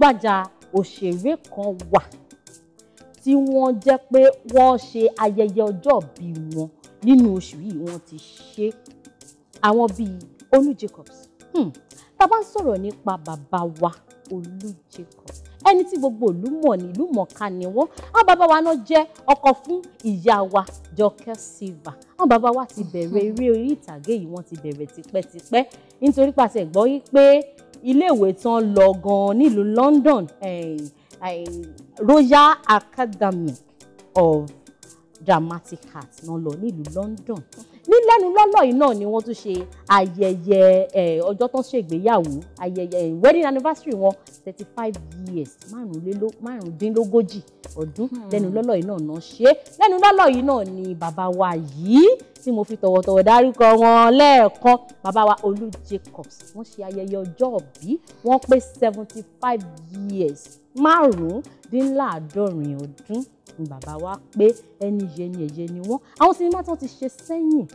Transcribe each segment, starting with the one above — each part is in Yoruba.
gbàjà òṣèré kan wà tí wọ́n jẹ́ pé wọ́n ṣe ayẹyẹ ọjọ́bí wọn nínú oṣù yìí wọ́n ti ṣe àwọn bíi Olú Jacobs hmm. tá a bá ń sọ̀rọ̀ nípa bàbá wa Olú Jacobs ẹni tí gbogbo ìlú mọ̀ ní ìlú mọ̀ọ́ká ni wọ́n àwọn bàbá wa náà jẹ́ ọkọ fún ìyá wa Jọkẹ́ Silva àwọn bàbá wa ti bẹ̀rẹ̀ eré orí ìtàgé yìí wọ́n ti bẹ̀rẹ̀ tipẹ́tipẹ́ nítorí pàṣẹ gbọ́ yí pé iléèwé tán lọ gan nílùú London eh, eh, Royal Academy of Dramatic Arts náà lọ nílùú London ní lẹ́nu lọ́lọ́ yìí náà ni wọ́n tún ṣe ayẹyẹ eh, ọjọ́ tó ń ṣègbéyàwó ayẹyẹ eh, wedding anniversary wọn thirty five years márùndínlógójì ọdún hmm. lẹ́nu lọ́lọ́ yìí náà náà ṣe lẹ́nu lọ́lọ́ yìí náà ni bàbá wa yìí tí mo fi tọ̀wọ̀tọ̀wọ̀ dárúkọ wọn lẹ́ẹ̀kan bàbá wa Olú Jacobs wọ́n ṣe ayẹyẹ ọjọ́ òbí wọ́n pé seventy five years márùndínláàádọ́rin ọdún ni bàbá wa pé ẹni yẹ ni ẹ̀yẹ ni wọ́n àwọn sinimá tí wọ́n ti ṣe sẹ́yìn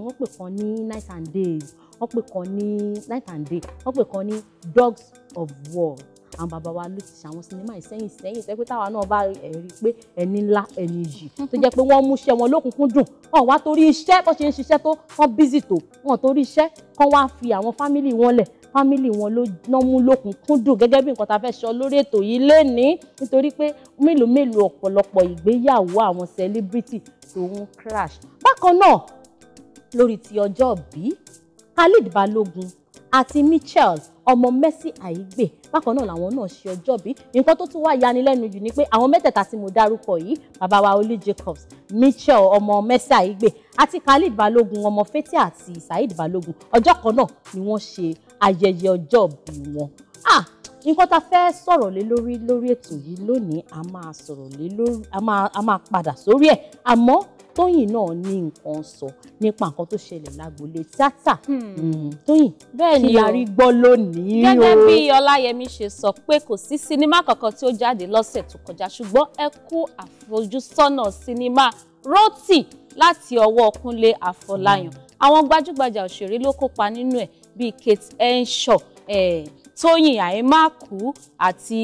wọ́n pè kan ní night and days wọ́n pè kan ní night and day wọ́n pè kan ní dogs of war àwọn bàbá wa ló ti ṣàwọn sinimá ìsẹ́yìn sẹ́yìn tẹ́ pé táwa náà bá rí pé ẹni ńlá ẹni yìí tó jẹ́ pé wọ́n mú iṣẹ́ wọn lókùnkún dùn wọn wá torí iṣẹ́ bó ṣe ń ṣiṣẹ́ tó wọ́n bízì tó wọn torí iṣẹ́ kán wá fi àwọn fámìlì wọn lẹ̀ fámìlì wọn ló ná mú lókùnkún dùn gẹ́gẹ́ bí nǹkan tá a fẹ́ sọ lórí ètò yìí lénìí nítorí pé mélòó mélòó ọ̀pọ̀lọpọ̀ ìgbéyàwó àwọn celebrity tó ń crash bákan náà lórí ti ọjọ́ bí Khalid Balogun àti Mitchell ọmọ Mercy Aigbe bákan náà làwọn náà ṣe ọjọ́bí nǹkan tó tún wá yanilẹ́nu jù ni pé àwọn mẹ́tẹ̀ẹ̀ta tí mo dárúkọ yìí bàbá wa Olú Jacobs Mitchell ọmọ Mercy Aigbe àti Khalid Balogun ọmọ Fathia àti Saheed Balogun ọjọ́ kan náà ni wọ́n ṣe ayẹyẹ ọjọ́bí wọn. ah nǹkan tá a fẹ́ sọ̀rọ̀ lé lórí lórí ètò yìí lónìí a máa sọ̀rọ̀ lé lórí a máa padà sórí ẹ̀ àmọ́ tóyìn náà ní nǹkan sọ nípa nǹkan tó ṣẹlẹ̀ lágboolé tíátà hmm. Hmm. tóyìn kí la rí gbọ́ lónìí o. gẹ́gẹ́ bí ọláyẹmí ṣe sọ pé kò sí sinimá kankan tí ó jáde lọ́sẹ̀ tó kọjá ṣùgbọ́n ẹ kú àfojúsọ́nà sinimá rọ́tì láti ọwọ́ kúnlé àfọláyàn hmm. àwọn gbajúgbajà òṣèré ló kópa nínú ẹ̀ bíi kate henshaw eh, tóyìn àìmáàkú àti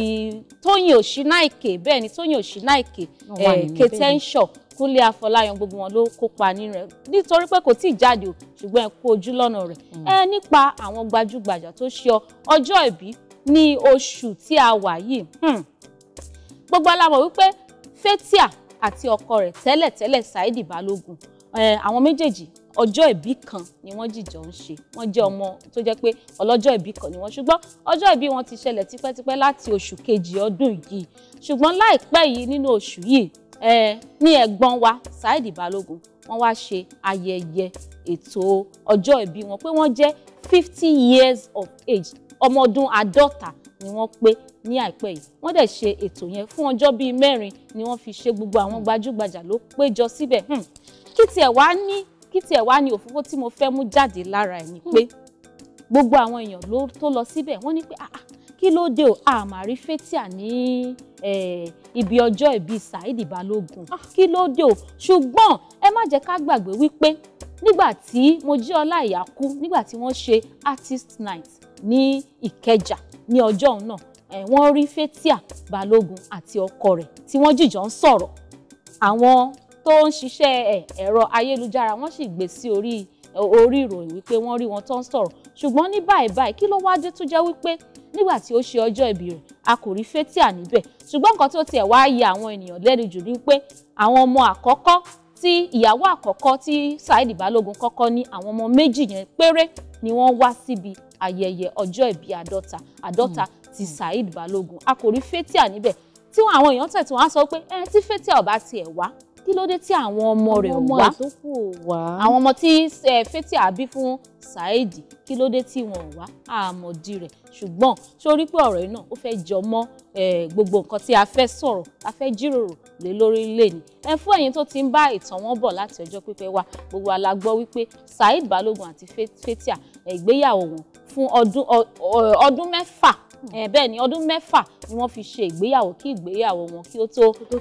tóyìn òṣìnáìkè bẹ́ẹ̀ tóyìn òṣìnáìkè kate henshaw Kúnlé Afọláyan gbogbo wọn ló kópa nínú rẹ̀ nítorí pé kò tíì jáde o ṣùgbọ́n ẹ kú ojú lọ́nà rẹ̀ mm. ẹ nípa àwọn gbajúgbajà tó ṣe ọjọ́ ìbí ní oṣù tí a wà yìí hmm. gbogbo alamọ̀ wípé Fathia àti ọkọ rẹ̀ tẹ́lẹ̀tẹ́lẹ̀ Saheed Balogun àwọn méjèèjì ọjọ́ ìbí kan ni wọ́n jìjọ ń ṣe wọ́n jẹ́ ọmọ tó jẹ́ pé ọlọ́jọ́ ìbí kan ni wọ́n ṣùgbọ́n ọjọ́ ìbí wọn ti ṣẹlẹ̀ tipẹ́tipẹ́ láti oṣù kejì ọdún yìí ṣùgbọ́n láìpẹ́ yìí nínú oṣù yìí ní ẹ̀gbọ́n wa Saheed Balogun wọ́n wá ṣe ayẹyẹ ètò ọjọ́ ìbí wọn pé wọ́n jẹ́ fifty years of age ọmọ ọdún àádọ́ta ni wọ́n pé ní àìpẹ́ yìí wọ́n dẹ̀ ṣe ètò yẹn fún ọjọ́ bíi mẹ́rin ni wọ́n fi ṣe gbogbo àwọn gbajúgbajà ló péjọ síbẹ̀ hmm. kí tiẹ̀ wá ní kí tiẹ̀ wá ní òfófó tí mo fẹ́ mú jáde lára ẹ̀ ni pé hmm. gbogbo àwọn èèyàn ló tó lọ síbẹ̀ wọ́n ní pé ah ah kí ló dé o àmàrí fétíà ní ibi ọjọ́ ìbí Saheed Balógun ah. kí ló dé o ṣùgbọ́n ẹ má jẹ́ ká gbàgbé wípé nígbà tí Mojí Ọláìyá kú nígbà tí wọ́n ṣe artist night ní Ìkẹjà ní ọjọ́ náà wọ́n rí fétíà Balógun àti ọkọ rẹ̀ tí wọ́n jìjọ ń sọ̀rọ̀ àwọn tó ń ṣiṣẹ́ ẹ̀rọ ayélujára wọ́n sì gbé sí orí orí ìròyìn wípé wọ́n rí wọn tó ń sọ̀rọ̀ ṣùgbọ́n ní báyìí báyìí kí ló wá tó jẹ́ wípé nígbà tí ó ṣe ọjọ́ ìbí rẹ̀ a kò rí fétíà níbẹ̀ ṣùgbọ́n nǹkan tó tiẹ̀ wá yà àwọn ènìyàn lẹ́nu jù ni pé àwọn ọmọ àkọ́kọ́ tí ìyàwó àkọ́kọ́ tí Saheed Balogun kọ́kọ́ ní àwọn ọmọ méjì yẹn péré ni wọ́n wá síbi ayẹyẹ ọjọ́ ìbí àdọ́ta àdọ́ta ti hmm. Saheed Balogun a kò rí fétíà níbẹ̀ tí àwọn èèyàn tẹ̀ tí wọ́n á sọ pé ẹ tí fétíà ò bá tiẹ̀ wá kí ló dé tí àwọn ọmọ rẹ̀ wá àwọn ọmọ tí fẹ́tì àbí fún Saidi kí ló dé tí wọn ò wá àmọ̀dí rẹ̀ ṣùgbọ́n sórí pé ọ̀rọ̀ yìí náà ó fẹ́ jọ mọ́ gbogbo nǹkan tí a fẹ́ sọ̀rọ̀ a fẹ́ jíròrò lé lórí ilé ni ẹ fún ẹ̀yin tó ti ń bá ìtàn wọn bọ̀ láti ọjọ́ pípẹ́ wá gbogbo alágbọ́ wípé Saheed Balogun àti Fathia ìgbéyàwó wọn fún ọdún mẹ́fà bẹ́ẹ̀ ni ọdún mẹ́fà ni wọ́n fi ṣe ìgbéyàwó kí ìgbéyàwó wọn kí ó tó